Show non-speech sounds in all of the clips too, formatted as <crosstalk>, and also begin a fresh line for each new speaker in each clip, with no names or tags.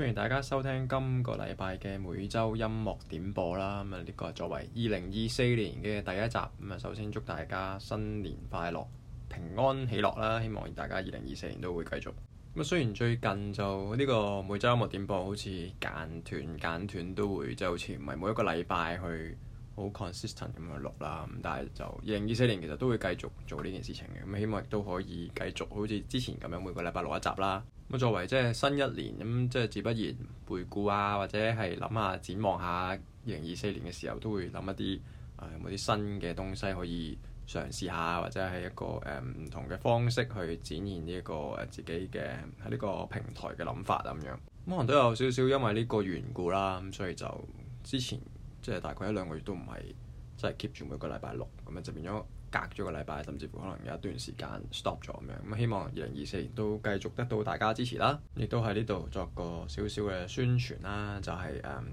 歡迎大家收聽今個禮拜嘅每周音樂點播啦，咁啊呢個作為二零二四年嘅第一集，咁、嗯、啊首先祝大家新年快樂、平安喜樂啦！希望大家二零二四年都會繼續。咁、嗯、雖然最近就呢、這個每周音樂點播好似間斷、間斷都會，即係好似唔係每一個禮拜去好 consistent 咁去錄啦。咁、嗯、但係就二零二四年其實都會繼續做呢件事情嘅，咁、嗯、希望亦都可以繼續好似之前咁樣每個禮拜錄一集啦。咁作為即係新一年，咁即係自不然回顧啊，或者係諗下展望下二零二四年嘅時候，都會諗一啲誒、呃、有冇啲新嘅東西可以嘗試下，或者係一個誒唔、呃、同嘅方式去展現呢、這、一個誒自己嘅喺呢個平台嘅諗法咁樣。咁可能都有少少因為呢個緣故啦，咁所以就之前即係、就是、大概一兩個月都唔係即係 keep 住每個禮拜六咁樣就變咗。隔咗個禮拜，甚至乎可能有一段時間 stop 咗咁樣。咁希望二零二四年都繼續得到大家支持啦。亦都喺呢度作個少少嘅宣傳啦，就係、是、誒、嗯，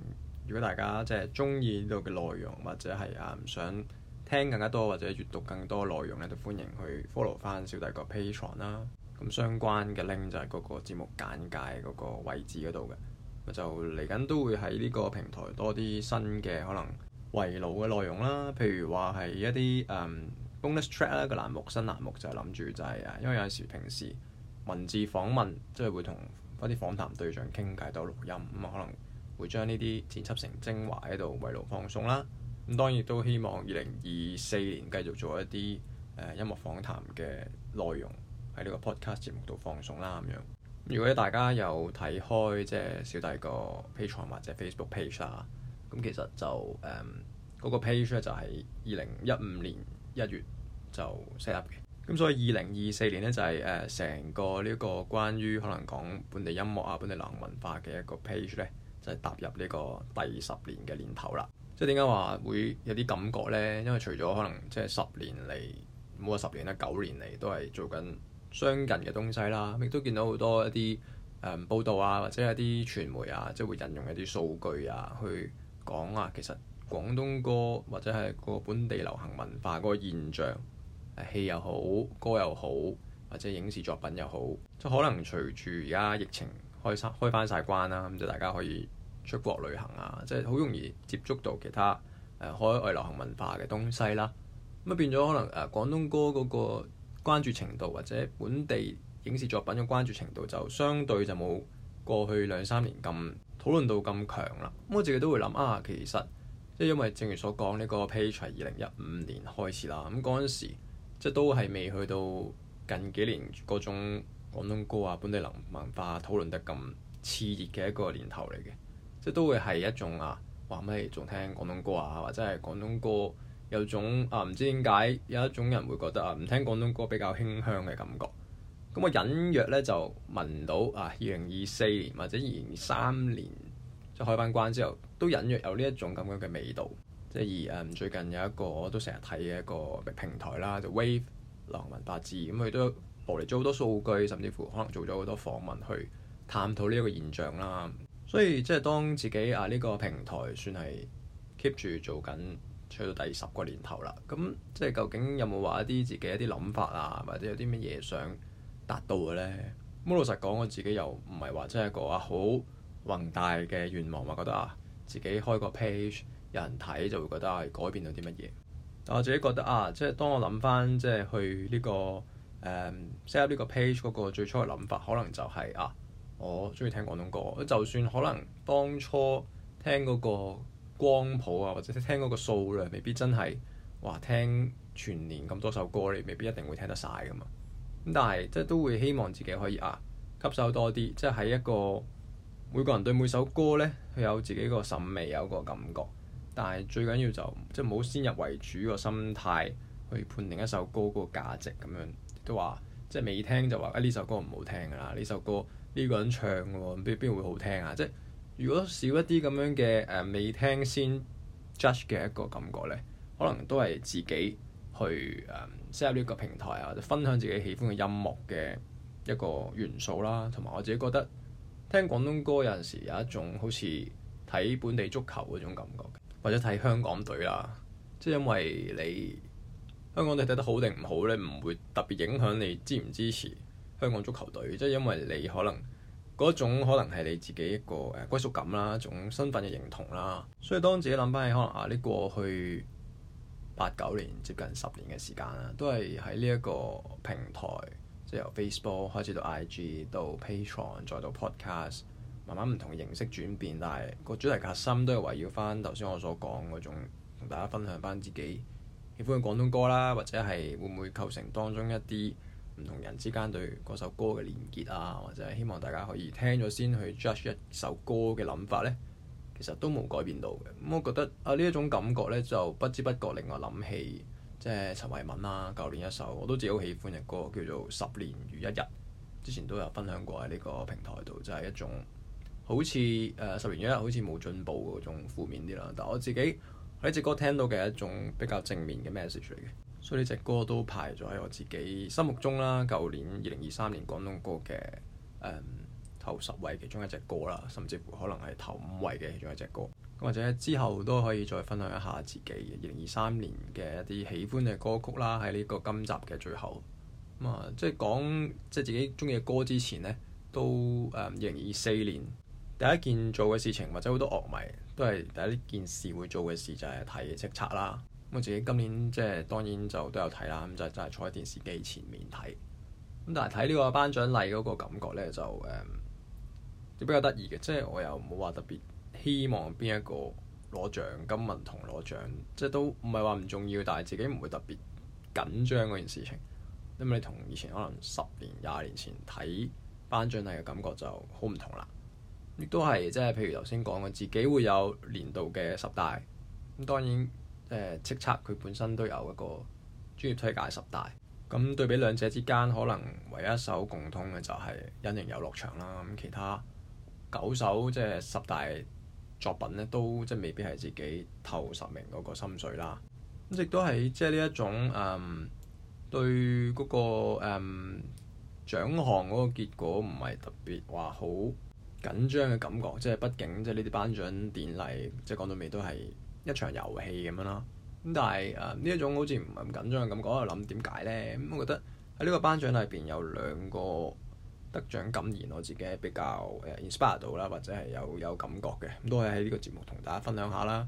如果大家即係中意呢度嘅內容，或者係誒唔想聽更加多或者閱讀更多內容咧，都歡迎去 follow 翻小弟個 Patreon 啦。咁相關嘅 link 就係嗰個節目簡介嗰個位置嗰度嘅。就嚟緊都會喺呢個平台多啲新嘅可能維老嘅內容啦。譬如話係一啲誒。嗯 Bonus track 啦，個欄目新欄目就係諗住就係、是、啊，因為有陣時平時文字訪問即係會同嗰啲訪談對象傾偈到錄音咁啊、嗯，可能會將呢啲剪輯成精華喺度慰勞放送啦。咁、嗯、當然都希望二零二四年繼續做一啲誒、呃、音樂訪談嘅內容喺呢個 Podcast 節目度放送啦。咁樣如果大家有睇開即係小弟個 page 或者 Facebook page 啊，咁其實就誒嗰、嗯那個 page 咧就係二零一五年，一月就 set up 嘅，咁所以二零二四年呢，就係誒成個呢一個關於可能講本地音樂啊、本地流行文化嘅一個 page 呢，就係、是、踏入呢個第十年嘅年頭啦。即係點解話會有啲感覺呢？因為除咗可能即係十年嚟，冇話十年啦，九年嚟都係做緊相近嘅東西啦，亦都見到好多一啲誒、呃、報道啊，或者一啲傳媒啊，即係會引用一啲數據啊去講啊，其實，廣東歌或者係個本地流行文化嗰個現象，誒戲又好，歌又好，或者影視作品又好，即可能隨住而家疫情開開翻晒關啦，咁就大家可以出國旅行啊，即係好容易接觸到其他誒海外流行文化嘅東西啦。咁啊變咗可能誒廣東歌嗰個關注程度或者本地影視作品嘅關注程度就相對就冇過去兩三年咁討論到咁強啦。咁我自己都會諗啊，其實～即係因為正如所講，呢、呢個 page 二零一五年開始啦，咁嗰陣時即係都係未去到近幾年嗰種廣東歌啊、本地文文化討、啊、論得咁熾熱嘅一個年頭嚟嘅，即係都會係一種啊話咩仲聽廣東歌啊，或者係廣東歌有種啊唔知點解有一種人會覺得啊唔聽廣東歌比較輕香嘅感覺，咁、嗯、我隱約咧就聞到啊，二零二四年或者二零二三年。即係開翻關之後，都隱約有呢一種咁樣嘅味道。即係而誒、嗯、最近有一個我都成日睇嘅一個平台啦，就 Wave 浪文八字咁佢、嗯、都攞嚟做好多數據，甚至乎可能做咗好多訪問去探討呢一個現象啦。所以即係當自己啊呢、呢個平台算係 keep 住做緊，出到第十個年頭啦。咁即係究竟有冇話一啲自己一啲諗法啊，或者有啲乜嘢想達到嘅咧？咁老實講，我自己又唔係話真係一個啊好宏大嘅願望，我覺得啊，自己開個 page 有人睇就會覺得係、啊、改變到啲乜嘢。但我自己覺得啊，即係當我諗翻，即係去呢、這個誒 set up 呢個 page 嗰個最初嘅諗法，可能就係、是、啊，我中意聽廣東歌。就算可能當初聽嗰個光譜啊，或者聽嗰個數量，未必真係話聽全年咁多首歌，你未必一定會聽得晒噶嘛。咁但係即係都會希望自己可以啊，吸收多啲，即係喺一個。每個人對每首歌呢，佢有自己個審美，有個感覺。但係最緊要就、即係冇先入為主個心態去判定一首歌個價值咁樣，都話即係未聽就話呢、啊、首歌唔好聽㗎啦，呢首歌呢、呢個人唱㗎喎、喔，邊邊會好聽啊？即係如果少一啲咁樣嘅誒、啊、未聽先 judge 嘅一個感覺呢，可能都係自己去誒 set 呢個平台啊，分享自己喜歡嘅音樂嘅一個元素啦，同埋我自己覺得。聽廣東歌有陣時有一種好似睇本地足球嗰種感覺，或者睇香港隊啦，即係因為你香港隊踢得好定唔好咧，唔會特別影響你支唔支持香港足球隊，即係因為你可能嗰種可能係你自己一個誒歸屬感啦，一種身份嘅認同啦，所以當自己諗翻起可能啊呢過去八九年接近十年嘅時間啦，都係喺呢一個平台。即由 Facebook 開始到 IG 到 Patreon 再到 Podcast，慢慢唔同形式轉變，但係個主題核心都係圍繞翻頭先我所講嗰種，同大家分享翻自己喜歡嘅廣東歌啦，或者係會唔會構成當中一啲唔同人之間對嗰首歌嘅連結啊，或者係希望大家可以聽咗先去 judge 一首歌嘅諗法呢？其實都冇改變到嘅。咁、嗯、我覺得啊呢一種感覺呢，就不知不覺令我諗起。即係、呃、陳慧敏啦、啊，舊年一首我都自己好喜歡嘅歌，叫做《十年如一日》。之前都有分享過喺呢個平台度，就係、是、一種好似誒、呃、十年如一日，好似冇進步嗰種負面啲啦。但係我自己喺隻歌聽到嘅一種比較正面嘅 message 嚟嘅，所以呢隻歌都排咗喺我自己心目中啦。舊年二零二三年廣東歌嘅誒、嗯、頭十位其中一隻歌啦，甚至乎可能係頭五位嘅其中一隻歌。或者之後都可以再分享一下自己二零二三年嘅一啲喜歡嘅歌曲啦，喺呢個今集嘅最後。咁、嗯、啊，即係講即係自己中意嘅歌之前呢，都誒二零二四年第一件做嘅事情，或者好多樂迷都係第一件事會做嘅事就係睇叱咤啦。咁、嗯、我自己今年即係當然就都有睇啦，咁、嗯、就就係、係坐喺電視機前面睇。咁、嗯、但係睇呢個頒獎禮嗰個感覺呢，就、嗯、比較得意嘅，即係我又冇話特別。希望邊一個攞獎，金文同攞獎，即係都唔係話唔重要，但係自己唔會特別緊張嗰件事情。因為你同以前可能十年、廿年前睇頒獎禮嘅感覺就好唔同啦。亦都係即係，譬如頭先講嘅，自己會有年度嘅十大。咁當然誒，叱咤佢本身都有一個專業推介十大。咁對比兩者之間，可能唯一一首共通嘅就係隱形遊樂場啦。咁其他九首即係十大。作品咧都即係未必係自己頭十名嗰個心水啦，咁亦都係即係呢一種誒、嗯、對嗰、嗰個誒、嗯、獎項嗰個結果唔係特別話好緊張嘅感覺，即係畢竟即係呢啲頒獎典禮，即係講到尾都係一場遊戲咁樣啦。咁但係誒呢一種好似唔係咁緊張嘅感覺，我諗點解咧？咁我覺得喺呢個頒獎禮入邊有兩個得獎感言我自己比較誒 inspire 到啦，或者係有有感覺嘅，咁都係喺呢個節目同大家分享下啦。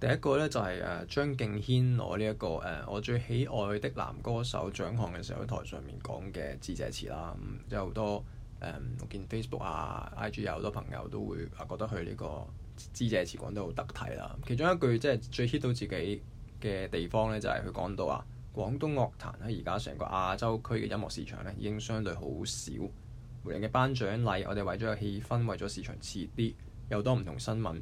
第一個呢，就係誒張敬軒攞呢、這、一個誒、uh, 我最喜愛的男歌手獎項嘅時候喺台上面講嘅致謝詞啦。咁、嗯、有好多誒，um, 我見 Facebook 啊、IG 有好多朋友都會啊覺得佢呢個致謝詞講得好得體啦。其中一句即係最 hit 到自己嘅地方呢，就係佢講到啊，uh, 廣東樂壇喺而家成個亞洲區嘅音樂市場呢，已經相對好少。每年嘅頒獎禮，我哋為咗個氣氛，為咗市場，遲啲有多唔同新聞。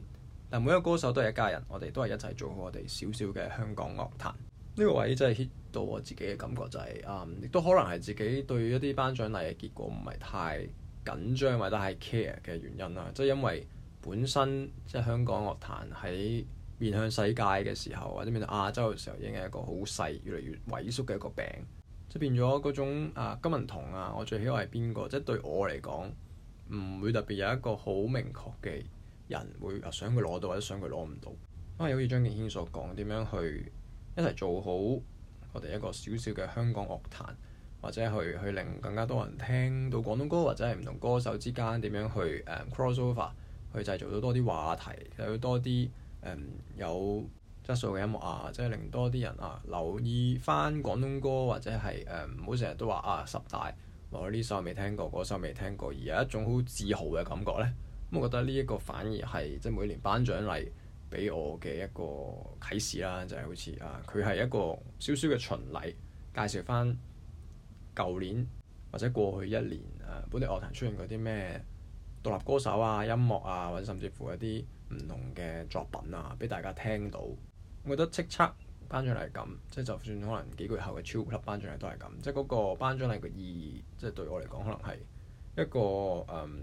但每一個歌手都係一家人，我哋都係一齊做好我哋小小嘅香港樂壇。呢、嗯、個位真係 hit 到我自己嘅感覺就係、是、啊，亦、嗯、都可能係自己對一啲頒獎禮嘅結果唔係太緊張或者係 care 嘅原因啦。即、就、係、是、因為本身即係、就是、香港樂壇喺面向世界嘅時候或者面向亞洲嘅時候已經係一個好細、越嚟越萎縮嘅一個餅。即係變咗嗰種啊金文銅啊，我最喜愛係邊個？即係對我嚟講，唔會特別有一個好明確嘅人會啊想佢攞到或者想佢攞唔到。因為好似張敬軒所講，點樣去一齊做好我哋一個小小嘅香港樂壇，或者去去令更加多人聽到廣東歌，或者係唔同歌手之間點樣去誒、嗯、crossover，去製造到多啲話題，多嗯、有多啲有。質素嘅音樂啊，即係令多啲人啊留意翻廣東歌，或者係誒唔好成日都話啊十大我呢首未聽過，嗰首未聽過，而有一種好自豪嘅感覺呢。咁、嗯、我覺得呢一個反而係即係每年頒獎禮俾我嘅一個啟示啦，就係、是、好似啊佢係一個少少嘅巡禮，介紹翻舊年或者過去一年、啊、本地樂壇出現過啲咩獨立歌手啊、音樂啊，或者甚至乎一啲唔同嘅作品啊，俾大家聽到。我覺得叱咤頒獎禮係咁，即係就算可能幾個月後嘅超級頒獎禮都係咁。即係嗰個頒獎禮嘅意義，即係對我嚟講，可能係一個、嗯、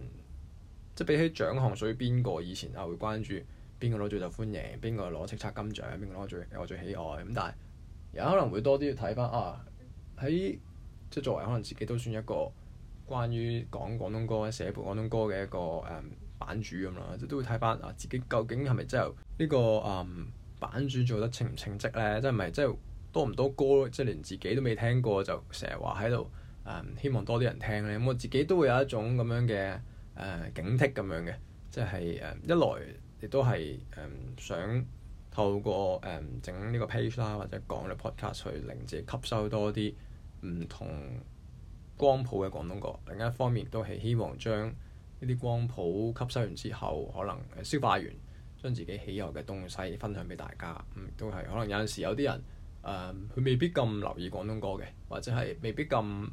即係比起獎項，所以邊個以前啊會關注邊個攞最受歡迎，邊個攞叱咤金獎，邊個攞我最喜愛咁。但係有可能會多啲睇翻啊，喺即係作為可能自己都算一個關於講廣東歌、寫播廣東歌嘅一個誒、嗯、版主咁啦，即都會睇翻啊，自己究竟係咪真係呢、呢個誒？嗯版主做得稱唔稱職呢？即係咪即係多唔多歌，即係連自己都未聽過就成日話喺度希望多啲人聽咧。咁我自己都會有一種咁樣嘅誒、嗯、警惕咁樣嘅，即係誒一來亦都係誒、嗯、想透過誒整呢個 page 啦，或者講嘅 podcast 去令自己吸收多啲唔同光譜嘅廣東歌。另一方面都係希望將呢啲光譜吸收完之後，可能消化完。將自己喜愛嘅東西分享俾大家，咁、嗯、都係可能有陣時有啲人，誒、嗯、佢未必咁留意廣東歌嘅，或者係未必咁誒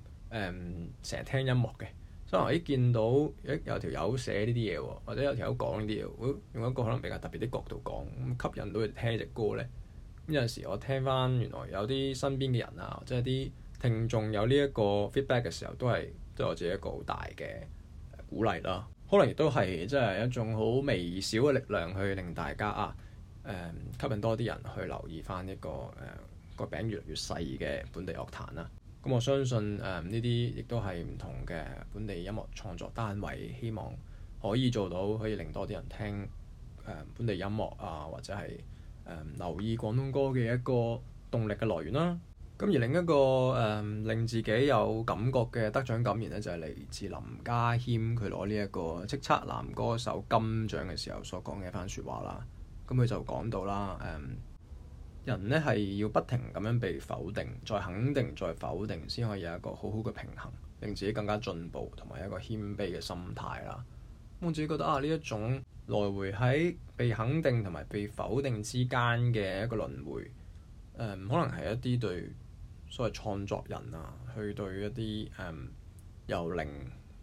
成日聽音樂嘅，所以我一見到有有條友寫呢啲嘢喎，或者有條友講呢啲嘢，會、哦、用一個可能比較特別啲角度講，咁吸引到佢聽隻歌咧。咁有陣時我聽翻原來有啲身邊嘅人啊，或者係啲聽眾有呢一個 feedback 嘅時候，都係都係我自己一個好大嘅鼓勵啦。可能亦都係即係一種好微小嘅力量，去令大家啊誒吸引多啲人去留意翻一個誒、啊、個餅越嚟越細嘅本地樂壇啦。咁、啊嗯、我相信誒呢啲亦都係唔同嘅本地音樂創作單位希望可以做到，可以令多啲人聽、啊、本地音樂啊，或者係誒、啊、留意廣東歌嘅一個動力嘅來源啦。啊咁而另一個誒、嗯、令自己有感覺嘅得獎感言呢，就係、是、嚟自林家謙佢攞呢一個叱咤男歌手金獎嘅時候所講嘅一番説話啦。咁、嗯、佢就講到啦、嗯，人呢係要不停咁樣被否定、再肯定、再否定，先可以有一個好好嘅平衡，令自己更加進步同埋一個謙卑嘅心態啦、嗯。我自己覺得啊，呢一種來回喺被肯定同埋被否定之間嘅一個輪迴、嗯，可能係一啲對。所謂創作人啊，去對一啲誒、嗯、由零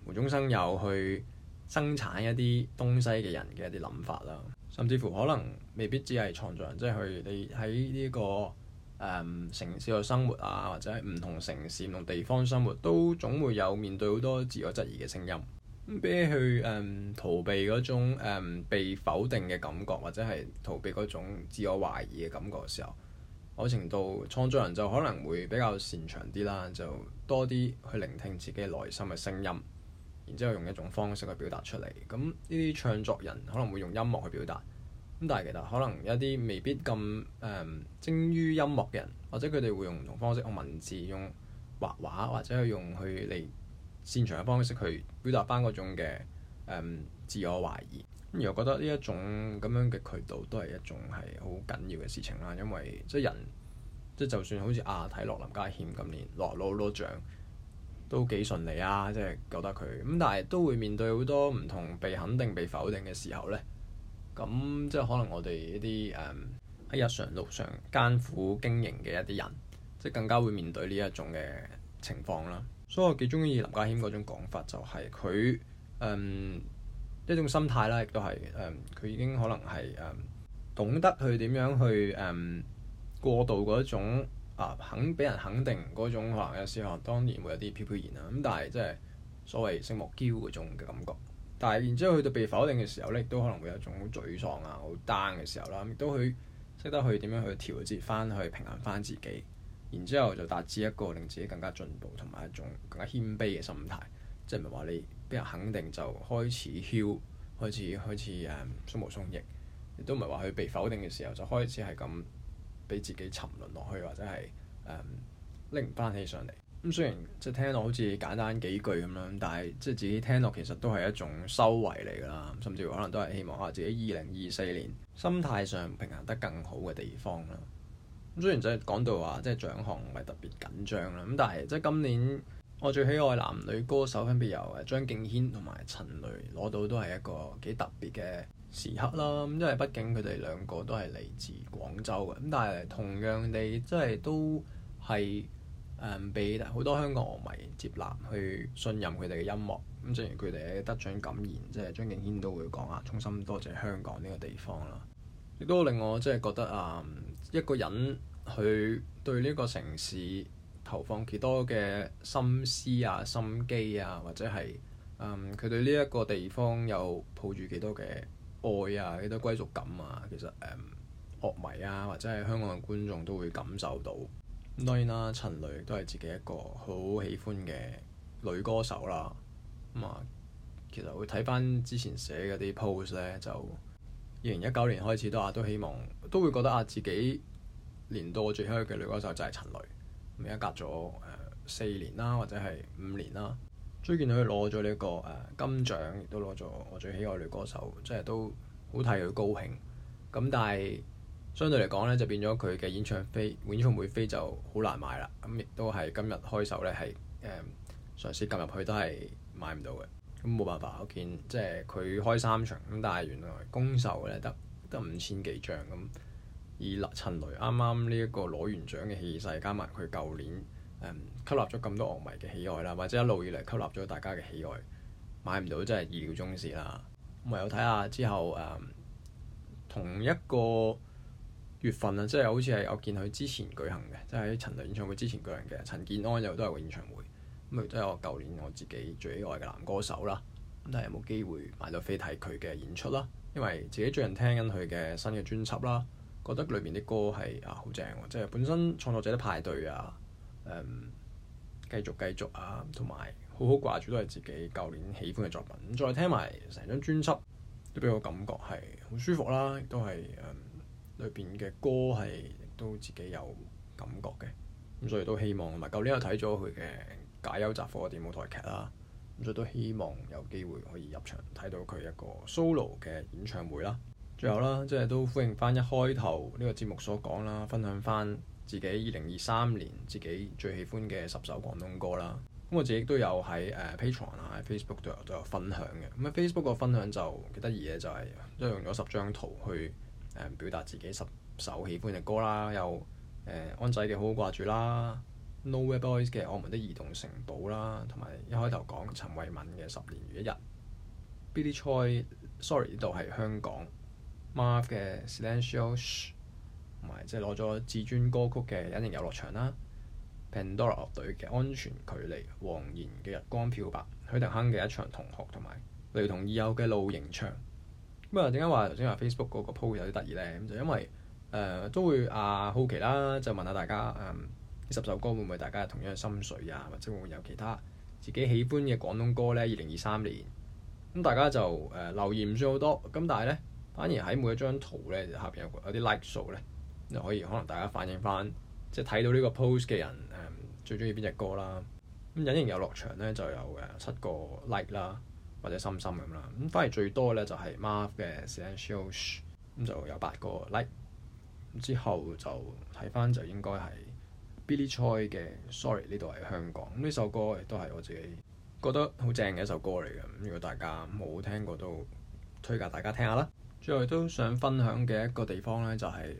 無中生有去生產一啲東西嘅人嘅一啲諗法啦，甚至乎可能未必只係創作人，即係佢你喺呢、這個、嗯、城市嘅生活啊，或者喺唔同城市唔同地方生活，都總會有面對好多自我質疑嘅聲音。咁、嗯、比起去誒、嗯、逃避嗰種、嗯、被否定嘅感覺，或者係逃避嗰種自我懷疑嘅感覺嘅時候。某程度創作人就可能會比較擅長啲啦，就多啲去聆聽自己內心嘅聲音，然之後用一種方式去表達出嚟。咁呢啲唱作人可能會用音樂去表達，咁但係其實可能一啲未必咁誒、嗯、精於音樂嘅人，或者佢哋會用唔同方式，用文字、用畫畫或者係用去嚟擅長嘅方式去表達翻嗰種嘅誒、嗯、自我懷疑。而我又覺得呢一種咁樣嘅渠道都係一種係好緊要嘅事情啦，因為即係人，即係就算好似啊睇落林家謙今年落攞攞獎都幾順利啊，即係覺得佢咁，但係都會面對好多唔同被肯定、被否定嘅時候呢。咁即係可能我哋一啲誒喺日常路上艱苦經營嘅一啲人，即係更加會面對呢一種嘅情況啦。所以我幾鍾意林家謙嗰種講法，就係佢誒。嗯一種心態啦，亦都係誒，佢、嗯、已經可能係誒、嗯、懂得去點樣去誒、嗯、過渡嗰種啊，肯俾人肯定嗰種可能有時候，當然會有啲飄飄然啦。咁但係真係所謂勝莫驕嗰種嘅感覺。但係然之後去到被否定嘅時候咧，亦都可能會有一種好沮喪啊、好 down 嘅時候啦。亦都去識得去點樣去調節翻去平衡翻自己，然之後就達至一個令自己更加進步同埋一種更加謙卑嘅心態。即係唔係話你啲人肯定就開始囂，開始開始誒、嗯、鬆毛鬆翼，亦都唔係話佢被否定嘅時候就開始係咁俾自己沉淪落去，或者係拎唔翻起上嚟。咁、嗯、雖然即係聽落好似簡單幾句咁樣，但係即係自己聽落其實都係一種修為嚟㗎啦。甚至乎可能都係希望啊自己二零二四年心態上平衡得更好嘅地方啦。咁、嗯、雖然就係、是、講到話即係、就是、獎項唔係特別緊張啦，咁但係即係今年。我最喜愛男女歌手分別由誒張敬軒同埋陳蕾攞到都係一個幾特別嘅時刻啦，因為畢竟佢哋兩個都係嚟自廣州嘅，咁但係同樣地即係都係誒被好多香港樂迷接納去信任佢哋嘅音樂。咁正如佢哋嘅得獎感言，即係張敬軒都會講啊，衷心多謝香港呢個地方啦，亦都令我即係覺得啊、嗯，一個人佢對呢個城市投放幾多嘅心思啊、心機啊，或者係嗯佢對呢一個地方又抱住幾多嘅愛啊、幾多歸屬感啊，其實誒、嗯、樂迷啊或者係香港嘅觀眾都會感受到。n 當然啦，陳蕾都係自己一個好喜歡嘅女歌手啦。咁、嗯、啊，其實會睇返之前寫嗰啲 post 咧，就二零一九年開始都啊都希望都會覺得啊自己年度最香嘅女歌手就係陳蕾。而家隔咗誒、呃、四年啦，或者係五年啦，最近佢攞咗呢一個、呃、金獎，亦都攞咗我最喜愛女歌手，即係都好替佢高興。咁但係相對嚟講咧，就變咗佢嘅演唱飛，演唱會飛就好難買啦。咁亦都係今日開售咧，係誒、呃、嘗試撳入去都係買唔到嘅。咁冇辦法，我見即係佢開三場，咁但係原來公售咧得得五千幾張咁。以陳蕾啱啱呢一個攞完獎嘅氣勢加，加埋佢舊年誒吸納咗咁多樂迷嘅喜愛啦，或者一路以嚟吸納咗大家嘅喜愛，買唔到真係意料中事啦。咁有睇下之後誒、嗯、同一個月份啊，即係好似係我見佢之前舉行嘅，即係喺陳蕾演唱會之前舉行嘅，陳健安又都係個演唱會，咁亦都係我舊年我自己最喜愛嘅男歌手啦。咁睇下有冇機會買到飛睇佢嘅演出啦，因為自己最近聽緊佢嘅新嘅專輯啦。覺得裏面啲歌係啊好正喎，啊，即係本身創作者都派對啊，誒、嗯、繼續繼續啊，同埋好好掛住都係自己舊年喜歡嘅作品。再聽埋成張專輯，都俾我感覺係好舒服啦，都係誒裏邊嘅歌係都自己有感覺嘅。咁所以都希望同埋舊年又睇咗佢嘅解憂雜貨店舞台劇啦，咁所以都希望有機會可以入場睇到佢一個 solo 嘅演唱會啦。最後啦，即係都歡迎翻一開頭呢個節目所講啦，分享翻自己二零二三年自己最喜歡嘅十首廣東歌啦。咁我自己有、啊、都有喺誒 Patreon 啊、Facebook 都有都有分享嘅。咁啊，Facebook 個分享就幾得意嘅，就係、是、都用咗十張圖去誒表達自己十首喜歡嘅歌啦。有誒、呃、安仔嘅《好好掛住》啦，Nowhere Boys 嘅《我們的移動城堡》啦，同埋一開頭講陳慧敏嘅《十年如一日》。Billy Choi，sorry 呢度係香港。Mark 嘅《Silentio》同埋，即係攞咗至尊歌曲嘅《隱形遊樂場》啦，《Pandora》樂隊嘅《安全距離》，黃妍嘅《日光漂白》，許廷鏗嘅一場同學，同埋雷同已有嘅《露營場》。咁啊，有點解話頭先話 Facebook 嗰個 post 有啲得意咧？咁就因為誒、呃、都會啊好奇啦，就問下大家誒幾、嗯、十首歌會唔會大家同樣嘅心水啊，或者會唔會有其他自己喜歡嘅廣東歌咧？二零二三年咁，大家就誒、呃、留言唔算好多，咁但係咧。反而喺每一張圖咧，下邊有有啲 like 數咧，就可以可能大家反映翻，即係睇到呢個 post 嘅人誒、嗯、最中意邊隻歌啦。咁隱形遊樂場咧就有誒七個 like 啦，或者心心咁啦。咁反而最多咧就係、是、Mar 嘅 Sian Shosh，咁就有八個 like。之後就睇翻就應該係 Billy Choi 嘅 Sorry 呢度係香港，呢首歌亦都係我自己覺得好正嘅一首歌嚟嘅。咁如果大家冇聽過都推介大家聽下啦。最後都想分享嘅一個地方呢，就係、是、誒、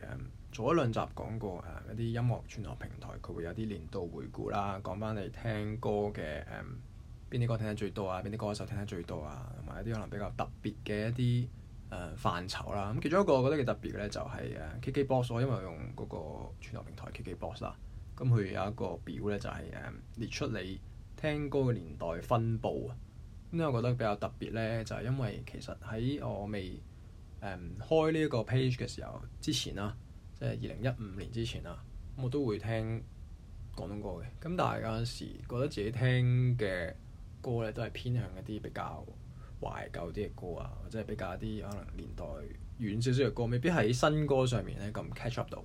早、嗯、一兩集講過誒、嗯、一啲音樂串流平台，佢會有啲年度回顧啦，講翻你聽歌嘅誒邊啲歌聽得最多啊，邊啲歌手聽得最多啊，同埋一啲可能比較特別嘅一啲誒、嗯、範疇啦。咁其中一個我覺得幾特別嘅呢、就是，就係誒 K K Box 啊，因為用嗰個串流平台 K K Box 啦，咁佢有一個表呢，就係、是、誒、嗯、列出你聽歌嘅年代分佈啊。咁咧，我覺得比較特別呢，就係、是、因為其實喺我未。誒、um, 開呢一個 page 嘅時候之前啦、啊，即係二零一五年之前啦、啊，我都會聽廣東歌嘅。咁但係有時覺得自己聽嘅歌咧，都係偏向一啲比較懷舊啲嘅歌啊，或者係比較一啲可能年代遠少少嘅歌，未必喺新歌上面咧咁 catch up 到。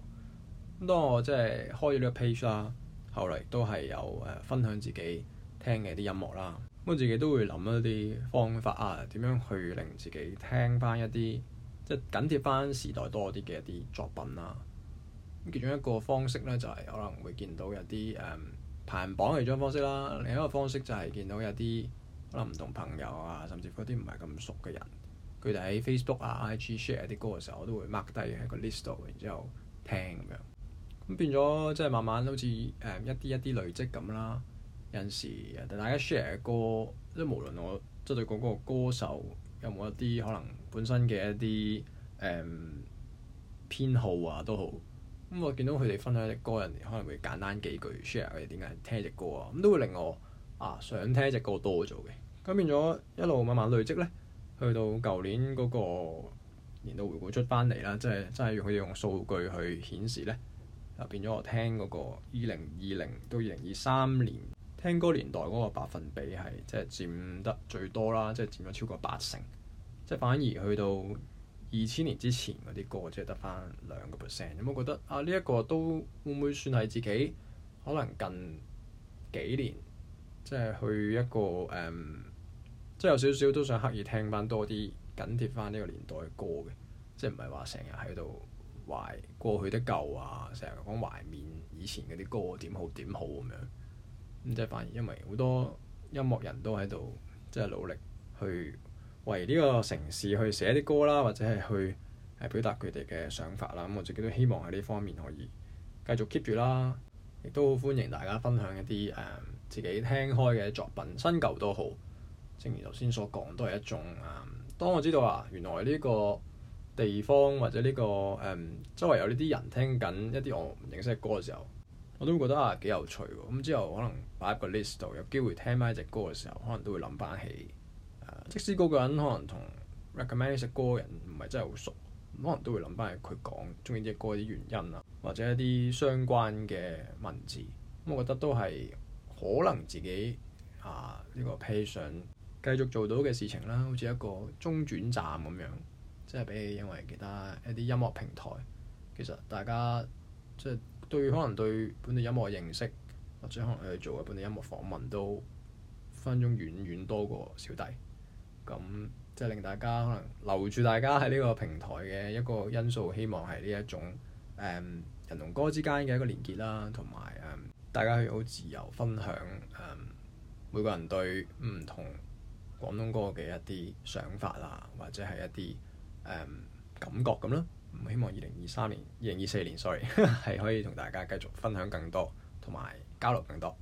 咁當我即係開咗呢個 page 啦，後嚟都係有誒分享自己聽嘅啲音樂啦。咁自己都會諗一啲方法啊，點樣去令自己聽返一啲。即係緊貼翻時代多啲嘅一啲作品啦。咁其中一個方式咧，就係、是、可能會見到有啲誒排行榜其中方式啦。另一個方式就係見到有啲可能唔同朋友啊，甚至嗰啲唔係咁熟嘅人，佢哋喺 Facebook 啊、IG share 啲歌嘅時候，我都會 mark 低喺個 list 度，然之後聽咁樣。咁變咗即係慢慢好似誒、嗯、一啲一啲累積咁啦。有時大家 share 歌，即係無論我即係對嗰個歌手，有冇一啲可能本身嘅一啲誒偏好啊都好，咁、嗯、我見到佢哋分享隻歌，人可能會簡單幾句 share 佢哋點解聽隻歌啊，咁都會令我啊想聽一隻歌多咗嘅。咁變咗一路慢慢累積咧，去到舊年嗰個年度回顧出翻嚟啦，即係真係佢用數據去顯示咧，啊變咗我聽嗰個二零二零到二零二三年。聽歌年代嗰個百分比係即係佔得最多啦，即係佔咗超過八成，即係反而去到二千年之前嗰啲歌，即係得翻兩個 percent。咁、嗯、我覺得啊，呢、這、一個都會唔會算係自己可能近幾年即係去一個誒、嗯，即係有少少都想刻意聽翻多啲緊貼翻呢個年代嘅歌嘅，即係唔係話成日喺度懷過去的舊啊，成日講懷緬以前嗰啲歌點好點好咁樣。即係反而因為好多音樂人都喺度，即係努力去為呢個城市去寫啲歌啦，或者係去誒表達佢哋嘅想法啦。咁我自己都希望喺呢方面可以繼續 keep 住啦。亦都好歡迎大家分享一啲誒自己聽開嘅作品，新舊都好。正如頭先所講，都係一種誒。當我知道啊，原來呢個地方或者呢個誒周圍有呢啲人聽緊一啲我唔認識嘅歌嘅時候。我都覺得啊幾有趣喎！咁、啊、之後可能擺喺個 list 度，有機會聽翻一隻歌嘅時候，可能都會諗翻起、啊、即使嗰個人可能同 recommend 嘅歌嘅人唔係真係好熟，可能都會諗翻起佢講中意呢隻歌啲原因啊，或者一啲相關嘅文字。咁、啊、我覺得都係可能自己啊呢、呢個 passion 繼續做到嘅事情啦，好似一個中轉站咁樣，即係俾你因為其他一啲音樂平台，其實大家即係。對可能對本地音樂嘅認識，或者可能去做嘅本地音樂訪問都分鐘遠遠多過小弟，咁即係令大家可能留住大家喺呢個平台嘅一個因素，希望係呢一種誒、嗯、人同歌之間嘅一個連結啦，同埋誒大家好自由分享誒、嗯、每個人對唔同廣東歌嘅一啲想法啊，或者係一啲誒、嗯、感覺咁啦。唔希望二零二三年、二零二四年，sorry，係 <laughs> 可以同大家繼續分享更多，同埋交流更多。